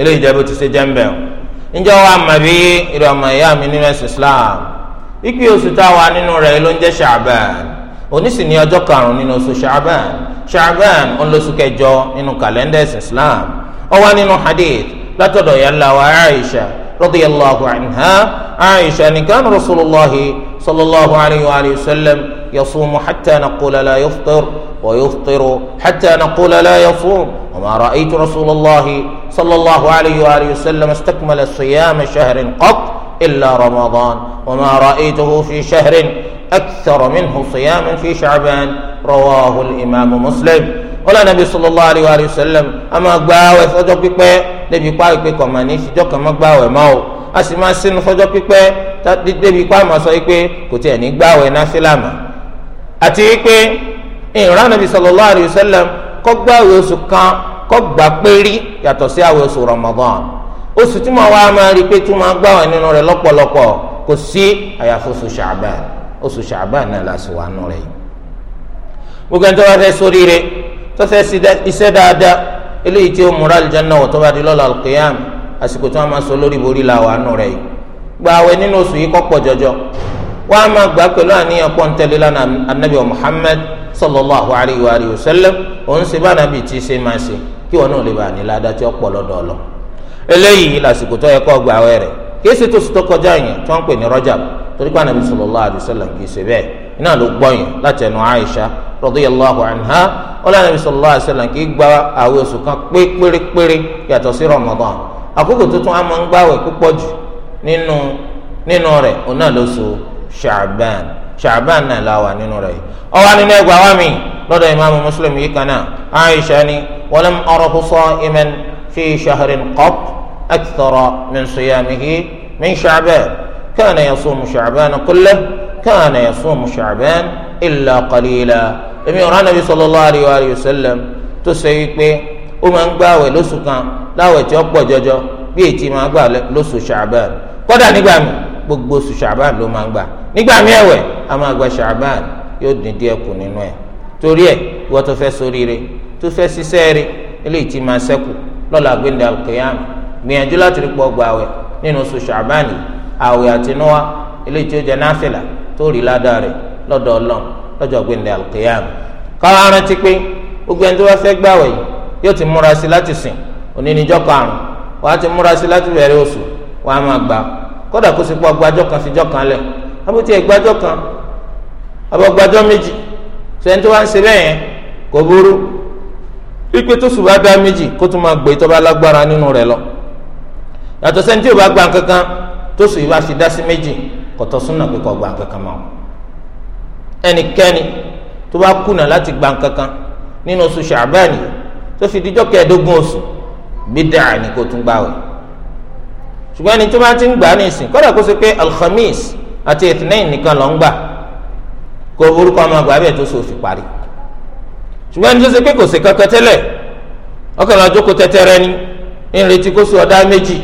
eléyìí jẹ́ bó ti ṣe jẹ́ ń bẹ̀ o ǹjẹ́ wàá mọ̀ bí ìrẹ̀ ọmọ ìyá mi nínú ẹ̀sìn Islam ikú oṣù táwa nínú rẹ̀ ló ń jẹ́ Sha'ban òní sì ní ọjọ́ karùn-ún nínú oṣù Sha'ban Sha'ban ó ń lóṣù kẹjọ nínú kàlẹ́ndà ẹ̀sìn Islam ó wà nínú hadith látọ̀dọ̀ yàrá wa Aisha radiyallahu anha Aisha nìkan Rasulullahi sallallahu alayhi wa sallam يصوم حتى نقول لا يفطر ويفطر حتى نقول لا يصوم وما رأيت رسول الله صلى الله عليه وآله وسلم استكمل صيام شهر قط إلا رمضان وما رأيته في شهر أكثر منه صياما في شعبان رواه الإمام مسلم ولا نبي صلى الله عليه وآله وسلم أما أقباوة فجو بيكوة نبي قاوة بيكوة ما نيشي جوكا ما أقباوة ماو أسي ما سن فجو بيكوة تدبي قاوة ما سايكوة كتيني قباوة ناسي لاما àti pé ìran nàbì sallallahu alayhi wa sallam kó gba àwẹ̀ oṣù kan kó gbà péré yàtọ̀ sí àwẹ̀ oṣù Ramadan oṣù tí mo wá máa rí i pé tí mo gbà wà nínú rẹ̀ lọ́pọ̀lọpọ̀ kò sí àyàfo oṣù Sha'ban oṣù Sha'ban náà lásìkò àánú rẹ̀ yìí gbogbo ẹni tó bá fẹ́ sórí rẹ̀ tó fẹ́ iṣẹ́ dáadáa eléyìí tí ó múra àlùjáná wọ̀ tó bá di lọ́la al-qiyam àsìkò tí wọ́n máa sọ lórí borí làwọn àánú rẹ̀ yìí gbà wọ́n á máa gbà pẹ̀lú àníyàn pọ́ńtẹ́lẹ́ lánàá anabi muhammed sallallahu alayhi wa sallam òun ṣe bá anabi tí ṣe máa ṣe kí wọn náà lè bá ní ládàá tí ó eléyìí lásìkò tó yẹ kó gba àwẹ̀ rẹ̀ kìí tó ṣe tó kọjá yẹn tó ń pè ní rajab torí pé anabi sallallahu alayhi wa sallam kìí ṣe bẹ́ẹ̀ iná ló gbọ́ yẹn láti ẹnu aisha radiyallahu anha wọn lànà bisalòlá àṣẹlẹ kì í gba àwẹ̀ oṣù kan pé sí ramadan àkókò tuntun a máa ń gbàwẹ̀ nínú nínú rẹ̀ òun ṣàbàn ṣàbàn náà la wà nínú rẹ̀ ọwọ́ nínú ẹgbẹ́ àwa mi lọ́dọ̀ ìmáàmù mùsùlùmí yìí kan náà aisha ni walam arahu sa'iman fi shahrin qat akthara min siyamihi min ṣàbàn kana yasumu ṣàbàn kullah kana yasumu ṣàbàn illa qalila èmi ọ̀rọ̀ anabi sallallahu alayhi wa sallam tó ṣe wípé ó máa ń gbààwẹ̀ lóṣù kan láwẹ̀ tí ó pọ̀ jọjọ bí ètí máa gbà lóṣù ṣàbàn kódà nígbà mi gbogbo oṣù ṣàbàn ló máa ń gbà nígbà mi ẹ̀wẹ̀ a máa gba ṣàbàn yóò dín díẹ̀ kù nínú ẹ̀ torí ẹ̀ ìwọ tó fẹ́ ṣoríire tó fẹ́ ṣiṣẹ́ rẹ̀ eléyìí ti máa ṣẹ́kù lọ́la gbẹ̀ndẹ̀ gbìyànjú láti rí pọ̀ gba nínú oṣù yìí eléyìí tó rí ládàá lọ́dọ̀ lọ́jọ́ gbẹ̀ndẹ̀ pé gbogbo ẹni tó fẹ́ kódà kó sepọ agbájọ kan fìjọ kan lẹ abótí ẹgbájọ kan abọgbájọ méjì sẹni tó wá ń ṣe bẹ́ẹ̀ yẹn kò burú pípé tó sùn bá dá méjì kó tó máa gbé tó bá lágbára nínú rẹ̀ lọ yàtọ̀ sẹni tí o bá gba kankan tó sùn ìbá fi dá sí méjì kọtọ súnà pé kọ gba kankan mọ́ ẹnikẹ́ni tó bá kùnà láti gba kankan nínú oṣù sàbẹ́ẹ̀nì tó fi dijọ́ kẹẹ̀ẹ́dógún oṣù bídà ni kò tún gbà wẹ̀ ṣùgbọ́n ẹni tó bá ti ń gbà nísìn kọ́dà kó ṣe pé alhamis àti ethnain nìkan ló ń gbà kó orúkọ ọmọ àgbà bẹ́ẹ̀ tó so fi parí ṣùgbọ́n ẹni tó ṣe pé kò ṣe kankan tẹ́lẹ̀ ọkàn lọ jókòó tẹ́tẹ́rẹ́ ni ń retí kó so ọ̀dá méjì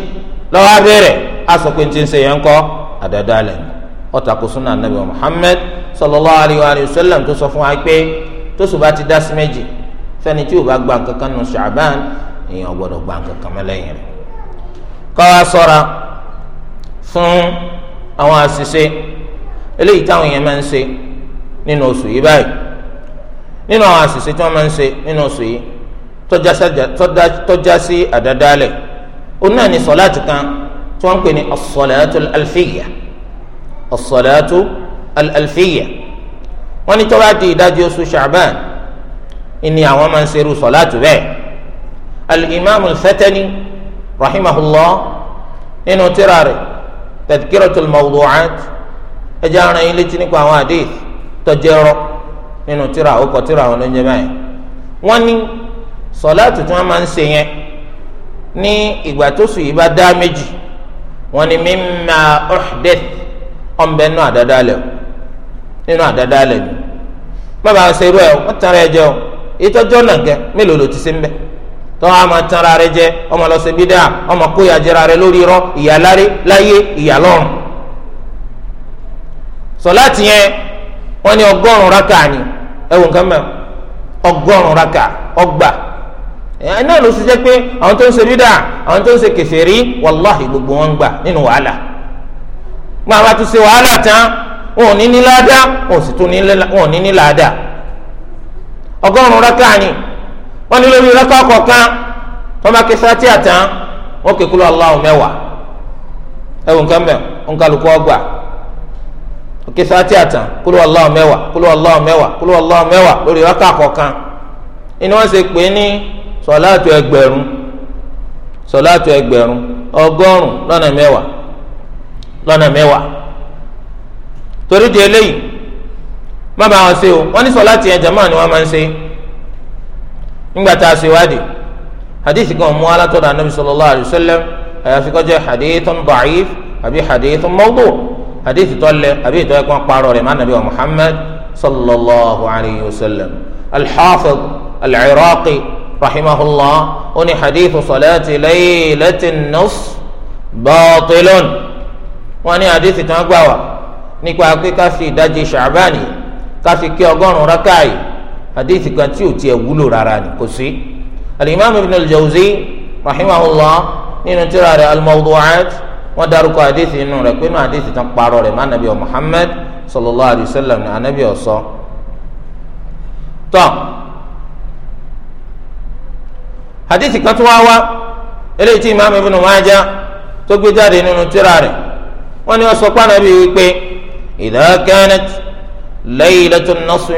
lọ́wọ́ abẹ́rẹ́ á sọ pé ti ń ṣe yẹn kọ́ àdáda lẹ̀ ọ̀tà kò súnà nàbẹ̀ Muhammad sallallahu alayhi wa sallam tó sọ fún wa pé tó sùn bá ti dá sí méjì fẹ́ni tí ò bá gba nǹkan káwá ṣọ́ra fún àwọn àṣìṣe eléyìí táwọn èèyàn máa ń ṣe nínú oṣù yìí báyìí nínú àwọn àṣìṣe tí wọ́n máa ń ṣe nínú oṣù yìí tọ́já sí àdádálẹ̀ òun náà ni sọ̀láàtì kan tí wọ́n ń pè ní as-salatu al-alfiyya as-salatu al wọ́n bá di ìdajì oṣù Sha'ban ìní àwọn máa ń ṣerú sọ̀láàtì bẹ́ẹ̀ al-imam rahimahullah nínú tírà rẹ̀ tadhkiratul mawdu'at ẹjẹ ara yín létí nípa àwọn hadith tó jẹ́ ọ̀rọ̀ nínú tírà ó kọ tírà àwọn oúnjẹ báyìí wọ́n ní sọláàtì tí wọ́n máa ń ṣe yẹn ní ìgbà tó sùn yìí bá dá méjì wọ́n ní mimma uhdith ọ̀nbẹ nínú àdádálẹ̀ nínú àdádálẹ̀ ni bàbá ṣerú ẹ̀ wọ́n tara ẹ̀ jẹ́ ìtọ́jọ́ nàgẹ́ mélòó ló ti ṣe ń bẹ́ẹ̀ tọ́wọ́ àmọ́ tẹ́ra rẹ jẹ ọmọ lọ sí bídà ọmọ kó ìyàjẹra rẹ lórí irọ́ ìyàlárí láyé ìyàlọ́run sọláàtì yẹn wọ́n ní ọgọ́rùn-ún rákà ni ẹ wò nǹkan mẹ́ ọgọ́rùn-ún rákà ọgbà ẹ náà ló sì jẹ́ pé àwọn tó ń ṣe bídà àwọn tó ń ṣe kèfèrí wàláhì gbogbo wọn gbà nínú wàhálà gbọ́n àwọn àtúnṣe wàhálà tán wọn ò ní ní ládàá wọn ò sì tún ní ní ládàá ọgọ́rùn-ún rákà ni wọ́n ní lórí rákà kọ̀ọ̀kan wọ́n máa ké sátì àtàn wọ́n ké kúlú aláwọ̀ mẹ́wàá ẹ̀wọ̀n nǹkan mẹ́ ònkàlùkù ọgbà ké sátì àtàn kúlú aláwọ̀ mẹ́wàá kúlú aláwọ̀ mẹ́wàá kúlú aláwọ̀ mẹ́wàá lórí rákà kọ̀ọ̀kan ni wọ́n ṣe pè é ní sọ̀láàtù ẹgbẹ̀rún sọ̀láàtù ẹgbẹ̀rún ọgọ́rùn lọ́nà mẹ́wàá lọ́nà mẹ́wàá torí di eléyìí má bàa wọn ṣe o wọ́n ní sọ̀láàtù yẹn jàmáà ni wọ́n máa ń ṣe é nígbà tá a ṣe wádìí hadith kan mú alátọ́dọ̀ anabi sallallahu alayhi wa sallam àyàfi kó jẹ́ hadithun da'if àbí hadithun mawdu hadith tọ́lẹ̀ àbí ìtọ́ ẹ̀kọ́ parọ́ rẹ̀ má nàbí wa muhammad sallallahu alayhi wa sallam alḥafiz alciraqi rahimahullah ó ní hadith salati laylati nus baatilun wọ́n ní hadith tán gbà wá nípa pé fi ìdajì ṣàbáni ká fi kí hadithi kan tí o tiẹ̀ wúlò rárá ni kò sí. alimami ibn al-jawzi rahimahullah nínú tírà rẹ̀ al-mawdu'at wọ́n dárúkọ hadithi inú rẹ̀ pé inú hadithi tán parọ́ rẹ̀ má nàbí muhammad sallallahu alayhi wa sallam ní anabi ọ̀sọ́. tọ́ hadithi kan tó wá wá eléyìí tí imaamu ibn majah tó gbé jáde nínú tírà rẹ̀ wọ́n ní wọ́n sọ pé wípé idha kanat laylatun nasf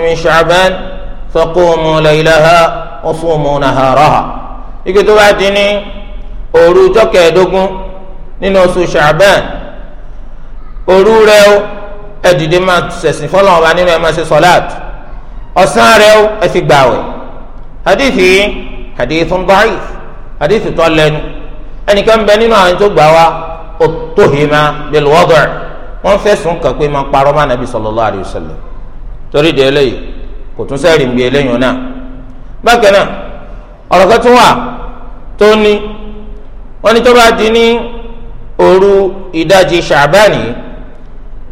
faqumu laylaha wa sumu naharaha ike tó bá di ní òru ọjọ́ kẹẹ̀ẹ́dógún nínú oṣù Sha'ban òru rẹ̀ o ẹ dìde máa ṣẹ̀sìn fọlọ́n ọba nínú ẹ máa ṣe sọ́láàt ọ̀sán rẹ̀ o ẹ fi gbààwẹ̀ hadithi yìí hadithun da'if hadithi tó lẹ́nu ẹnìkan bẹ nínú àwọn tó gbà wá uttuhima bil wadu' wọ́n fẹ̀sùn kàn pé torí délé kò tún sẹ́ẹ̀rì ń bi eléyìí náà bákan náà ọ̀rọ̀ kan tún wà tó ní wọ́n ní tó bá di ní òru ìdajì ṣàbánì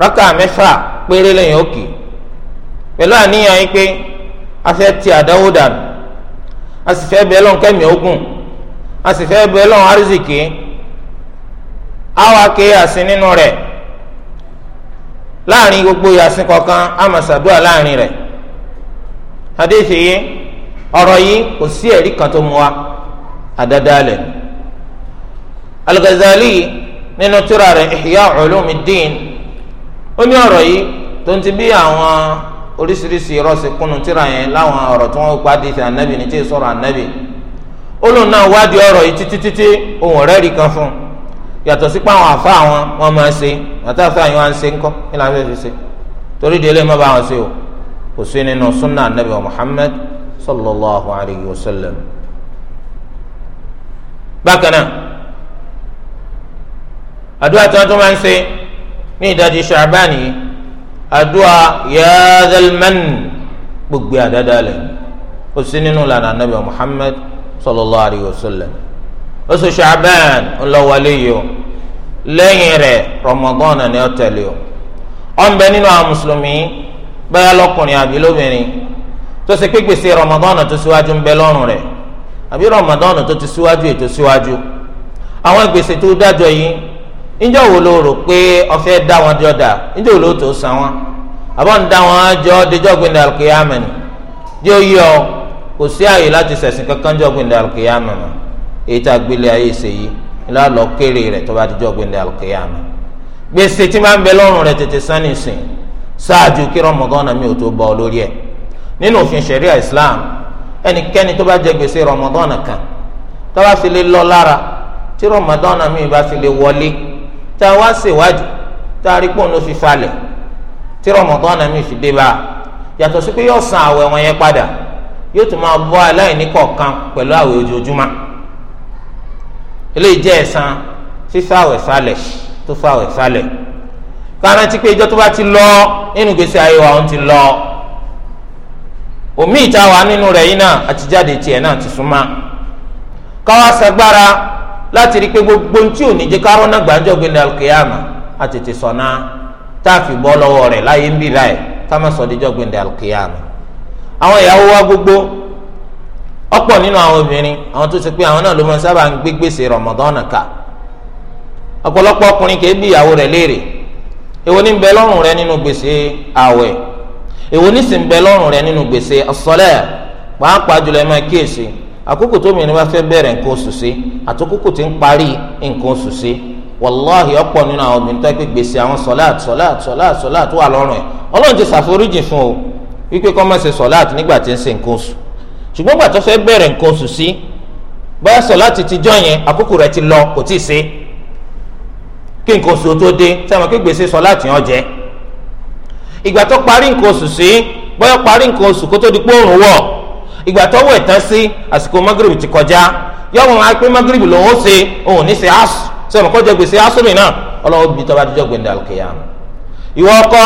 rákà mẹ́fà péré lẹ́yìn òkè pẹ̀lú àníyàn yìí pé a fẹ́ ti àdáwó dànù a sì fẹ́ bẹ́ẹ̀ lọ́n kẹ́mi ogun a sì fẹ́ bẹ́ẹ̀ lọ́n ké nínú rẹ̀ láàrin gbogbo yàsín kọ̀ọ̀kan àmàṣàdúrà láàrin rẹ̀. hadith yìí ọrọ yi kò sí ẹ̀rí kan tó mú wa àdádálẹ̀ Al-Ghazali nínú tírà rẹ̀ Ihya Ulumuddin ó ní ọrọ yi tó ń ti bí àwọn oríṣiríṣi ìrọsì kúnnù tírà yẹn láwọn ọ̀rọ̀ tí wọ́n pa hadith ànábì ní tí náà wádìí yìí ohun rí kan fún yàtọ sí pé àwọn àwọn wọn máa a fẹ́ kò sí nínú sunna anabi muhammad sallallahu alayhi wa sallam bákan náà àdúrà tí wọn tún máa ń ṣe ní ìdajì ṣàbán yìí àdúrà yaadalman gbogbo àdáda lẹ kò sí nínú lànà anabi muhammad sallallahu alayhi wa sallam oṣù ṣàbán ńlọwọlé yìí o lẹ́yìn rẹ̀ rọmọgán ni ó tẹ̀lé o ọ̀nbẹ nínú àwọn mùsùlùmí. gbaya lọkùnrin àbí lóbìnrin tó ṣe pé gbèsè tó síwájú ń bẹ lọ́rùn rẹ̀ àbí rọmọdọ́nà tó ti síwájú ètò síwájú àwọn gbèsè tó dájọ yìí ǹjọ́ wo ló rò pé ọ̀fẹ́ dá wọn jọ dà ǹjọ́ wo ló tó wọn àbọ̀ ń dá wọn jọ dejọ́ gbẹ̀ndẹ̀ kò sí láti kankan jọ a gbélé ayé ṣe yìí ńlá lọ kéré rẹ̀ tó bá dejọ́ ṣáájú kí rọmọdọ́nà mi ò tó bọ́ lórí ẹ̀ nínú òfin ṣẹ̀ríà islam ẹnikẹ́ni tó bá jẹ gbèsè rọmọdọ́nà kan tó bá fi lè lọ lára tí rọmọdọ́nà mi bá fi lè wọlé tá a wá ṣèwádìí tá a rí pọ́n ló fi falẹ̀ tí rọmọdọ́nà mi fi dé bá a yàtọ̀ sí pé yóò san àwẹ̀ wọn yẹn padà yóò tún máa bọ́ aláìní kọ̀ọ̀kan pẹ̀lú àwẹ̀ ojoojúmọ́ eléyìí jẹ́ ẹ̀san fífáwẹ̀ falẹ̀ tó fáwẹ̀ falẹ̀ kárántí pé ìjọ tó bá ti lọ nínú gbèsè ayé wa òun ti lọ omi ìta wà nínú rẹ̀ yìí náà àtijáde tiẹ̀ náà ti súnmọ́ káwá sẹgbára láti rí i pé gbogbo ohun tí ò ní jẹ́ kárọ́ náà gbàjọ́ gbẹ̀lẹ̀ alkiyama àtètè sọ̀nà tá a fi bọ́ lọ́wọ́ láyé ń bì láì ká má sọ àwọn ìyàwó wa gbogbo ọ̀pọ̀ nínú àwọn obìnrin àwọn tó ṣe pé àwọn náà ló máa sábà ń gbé gbèsè Ramadan ká ọ̀pọ̀lọpọ̀ ọkùnrin kì ìyàwó rẹ̀ léèrè èwo ni ń bẹ lọ́rùn rẹ nínú gbèsè àwẹ̀ èwo ni sì ń bẹ lọ́rùn rẹ nínú gbèsè ọ̀sọ́lẹ̀ pàápàá jùlọ ẹ máa kíyèsí àkókò tó mìíràn bá fẹ́ bẹ̀rẹ̀ nǹkan oṣù sí àtòkókò tí ń parí nǹkan oṣù sí wàláhì ọ̀pọ̀ nínú àwọn obìnrin tó pé gbèsè àwọn sọ̀láàt sọ̀láàt sọ̀láàt sọ̀láàt wà lọ́rùn ẹ̀ ọlọ́run ti ṣàforíjì fún o wípé kọ́ máa ṣe sọ̀láàt nígbà tí ń ṣe nǹkan oṣù ṣùgbọ́n gbà tó fẹ́ bẹ̀rẹ̀ nǹkan oṣù sí báyà sọ̀láàt ti jọ yẹn àkókò rẹ̀ ti lọ kò tí ṣe é kí nǹkan oṣù tó dé sẹ́wọ̀n kí gbèsè sọ láti yàn jẹ́ ìgbà tó parí nǹkan oṣù sí bọ́yọ̀ parí nǹkan oṣù kó tó di pòórùn wọ̀ ìgbà tó wọ̀ ẹ̀tán sí àsìkò magrib ti kọjá yọ̀wọ̀ wọn pé magrib lòun ó ṣe òun ní ṣe aṣù sẹ́wọ̀n kó jẹ gbèsè aṣù mi náà ọlọ́wọ́ bí tọ́ba àtijọ́ gbẹ̀ndà òkèèyàn ìwọ ọkọ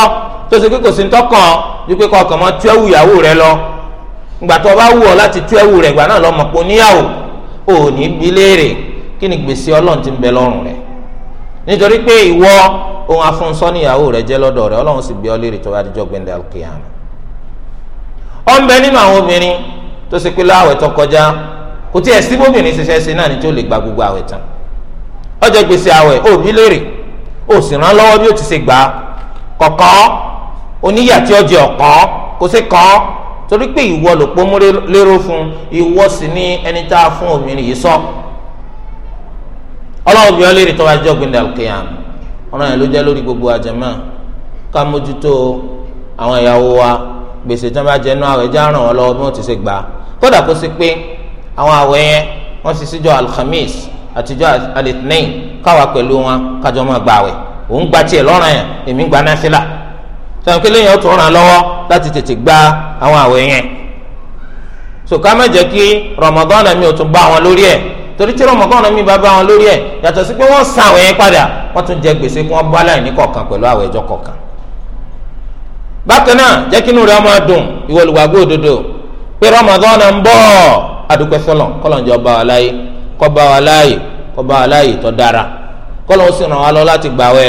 tó ṣe kíkò sí ntọ́kàn ju kọkàn mọ́ tú ìyàwó rẹ lọ ìgbà tó bá wù ọ láti tú rẹ ìgbà náà lọ́mọ̀ pọ̀ níyàwó òní bí léèrè kí ni gbèsè ọlọ́run ti ń bẹ lọ́rùn rẹ nítorí pé ìwọ ohun afúnṣọ́ níyàwó rẹ jẹ́ lọ́dọ̀ rẹ ọlọ́run sì gbé ọ léèrè tó bá dijọ́ gbẹ̀ndẹ̀ alkiyama ọ ń bẹ nínú àwọn obìnrin tó ṣe pé láàwẹ̀ tó kọjá kò tí ẹ̀ sí bóbìnrin ṣiṣẹ́ ṣe náà ni tí ó lè gba gbogbo àwẹ̀ tán ọjọ́ gbèsè àwẹ̀ ó bí léèrè ó sì rán lọ́wọ́ bí ó ti ṣe gbà á kọ̀kan oníyà tí ọjọ́ ọ̀kan kò sí kan torí pé ìwọ lòpó mú lérò fún ìwọ sì ní ẹni tá a fún obìnrin yìí sọ. So ọlọ́run bí wọ́n lè rí tọ́wọ́ ajọ́ gbẹ̀ndẹ̀ alqiyam ọ̀ràn yẹn ló jẹ́ lórí gbogbo àjẹmọ́ ká mójútó àwọn ìyàwó wa gbèsè tí wọ́n bá jẹ́ nú àwẹ̀ já ràn wọ́n lọ́wọ́ bí wọ́n ti ṣe gbà á kódà kó sí pé àwọn àwẹ̀ yẹn wọ́n ti síjọ́ alhamis àtijọ́ alitnain káwa pẹ̀lú wọn kájọ máa gbà àwẹ̀ òun gba tiẹ̀ lọ́ràn yẹn èmi gba náfìlà sọ̀rọ̀ ọ̀tún torí tí rọmọkàn mi bá bá wọn lórí ẹ̀ yàtọ̀ sí pé wọ́n san àwẹ̀ yẹn padà wọ́n tún jẹ gbèsè kí wọ́n bọ́ aláìní kọ̀ọ̀kan pẹ̀lú àwẹ̀ ẹjọ́ kọ̀ọ̀kan. bákan náà jẹ́ kí inú rẹ̀ ọmọ dùn ìwọ olùgbàgbọ́ òdodo pé rọmọkàn ń bọ̀ adúpẹ́ sọlọ kọlọ̀njọ́ bá wa láyé kọ́ bá wa láyé kọ́ bá wa láyé tó dára kọlọ̀n sì ràn wá lọ láti gbàwẹ̀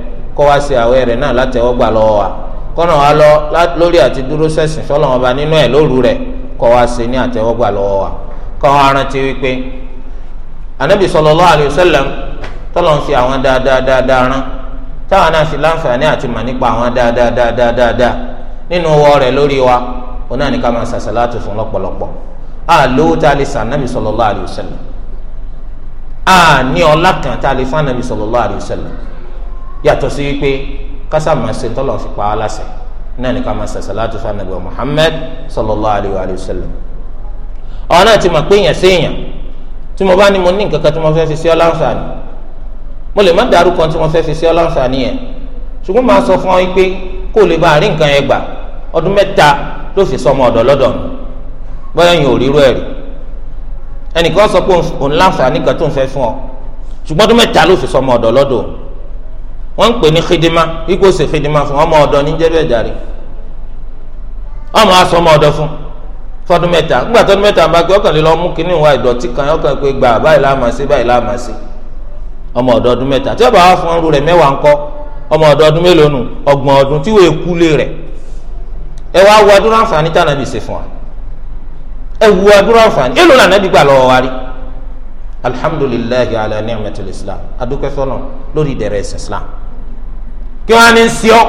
kó wá ṣe àwẹ̀ rẹ̀ náà látẹ̀wọ́gbà lọ́wọ́ wa kọ́nà wa lọ lórí àti dúró sẹ́sìn sọ́lọ́wọ́n ọba nínú ẹ̀ lóru rẹ̀ kó wá ṣe ní àtẹ̀wọ́gbà lọ́wọ́ wa kọ́ wa rántí wípé anabi sallallahu alayhi wa sallam tọ́lọ̀ ń fi àwọn dáadáadáa rán táwọn náà sì láǹfààní àti mà nípa àwọn dáadáadáa nínú wọ́ rẹ̀ lórí wa òun náà ní ká máa sàṣàlátù fún lọ́pọ̀lọpọ̀ àlówó tá a lè sàn anabi sallallahu alayhi wa sallam àní ọlá kan tá a lè fún anabi sallallahu alayhi wa sallam yàtọ̀ sí wípé kásá máa ṣe tọ́lọ̀ fi pa á láṣẹ náà ní máa ṣe salatu muhammed sallallahu alayhi wa sallam ọ̀hún náà ti mọ̀ pé èèyàn séèyàn tí mo bá ní mo ní nǹkan kan tí mo fẹ́ fi sí ọ láǹfààní mo lè má dárúkọ tí mo fẹ́ fi sí ọ láǹfààní yẹn ṣùgbọ́n màá sọ fún ọ pé kó o lè bá àárín nǹkan yẹn gbà ọdún mẹ́ta ló fi sọmọ ọ̀dọ̀ lọ́dọ̀ mi bóyá yìí ò rírú ẹ̀ rí ẹnìkan sọ pé òun láǹfààní kan tó ń fẹ́ fún ọ ṣùgbọ́n ọdún mẹ́ta ló fi sọmọ ọ̀dọ̀ lọ́dọ̀ mi wọ́n ń pè ní xidima ikú ó ṣe xidima fún ọmọ ọ̀dọ́ ní jẹ́bẹ̀ jàre ọmọ asọ ọmọ ọ̀dọ́ fún fọdún mẹ́ta ńgbà tọdún mẹ́ta bá gbé ọkàn lé lọ mú kínní wa ìdọ̀tí kan ọkàn pé gbà báyìí láàmà sí báyìí láàmà sí ọmọ ọ̀dọ́ ọdún mẹ́ta tí ọba wa fún ọrù rẹ̀ mẹ́wàá ńkọ́ ọmọ ọ̀dọ́ ọdún mélòó nù ọgbọ̀n ọdún tí wọ́n ekú lé rẹ̀ ẹ wá wo adúrà àǹfààní tí ànábì ṣe fún wa ẹ wo adúrà àǹfààní èlò làǹfààní gbà lọ́wọ́ wa rí alhamdulilayi ala ni'matil islam adúpẹ́ fọlọ́ lórí ìdẹ̀rẹ̀ ẹ̀sìn islam kí wọ́n á ní sọ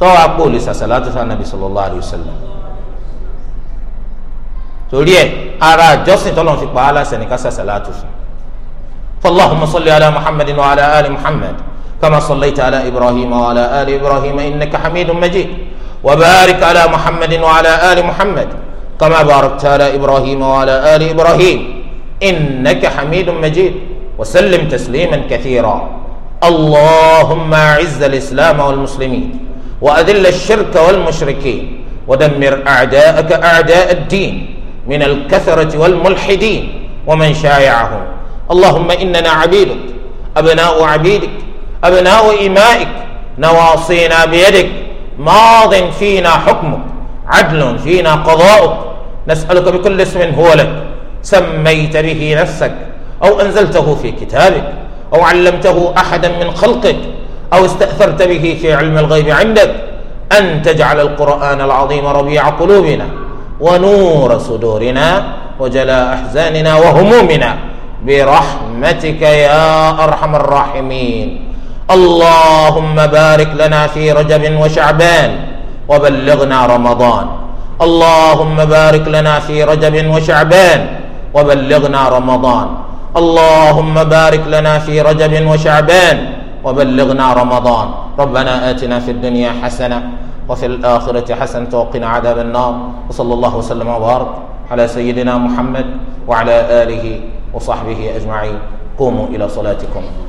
tọ́wọ́ apò olè sàṣàlátù fún anabi sallallahu alayhi wa sallam torí ẹ ara àjọsìn tọ́lọ̀ fi pa á láṣẹ ní ká sàṣàlátù fún fallahumma salli ala muhammadin wa ala ali muhammad kama sallaita ala ibrahim wa ala ali ibrahim innaka hamidun majid wa barik ala muhammadin wa ala ali muhammad kama barakta ala ibrahim ala ali ibrahim. إنك حميد مجيد وسلم تسليما كثيرا اللهم أعز الإسلام والمسلمين وأذل الشرك والمشركين ودمر أعداءك أعداء الدين من الكثرة والملحدين ومن شايعهم اللهم إننا عبيدك أبناء عبيدك أبناء إمائك نواصينا بيدك ماض فينا حكمك عدل فينا قضاؤك نسألك بكل اسم هو لك سميت به نفسك أو أنزلته في كتابك أو علمته أحدا من خلقك أو استأثرت به في علم الغيب عندك أن تجعل القرآن العظيم ربيع قلوبنا ونور صدورنا وجلاء أحزاننا وهمومنا برحمتك يا أرحم الراحمين اللهم بارك لنا في رجب وشعبان وبلغنا رمضان اللهم بارك لنا في رجب وشعبان وبلغنا رمضان اللهم بارك لنا في رجب وشعبان وبلغنا رمضان ربنا آتنا في الدنيا حسنة وفي الآخرة حسنة وقنا عذاب النار وصلى الله وسلم وبارك على سيدنا محمد وعلى آله وصحبه أجمعين قوموا إلى صلاتكم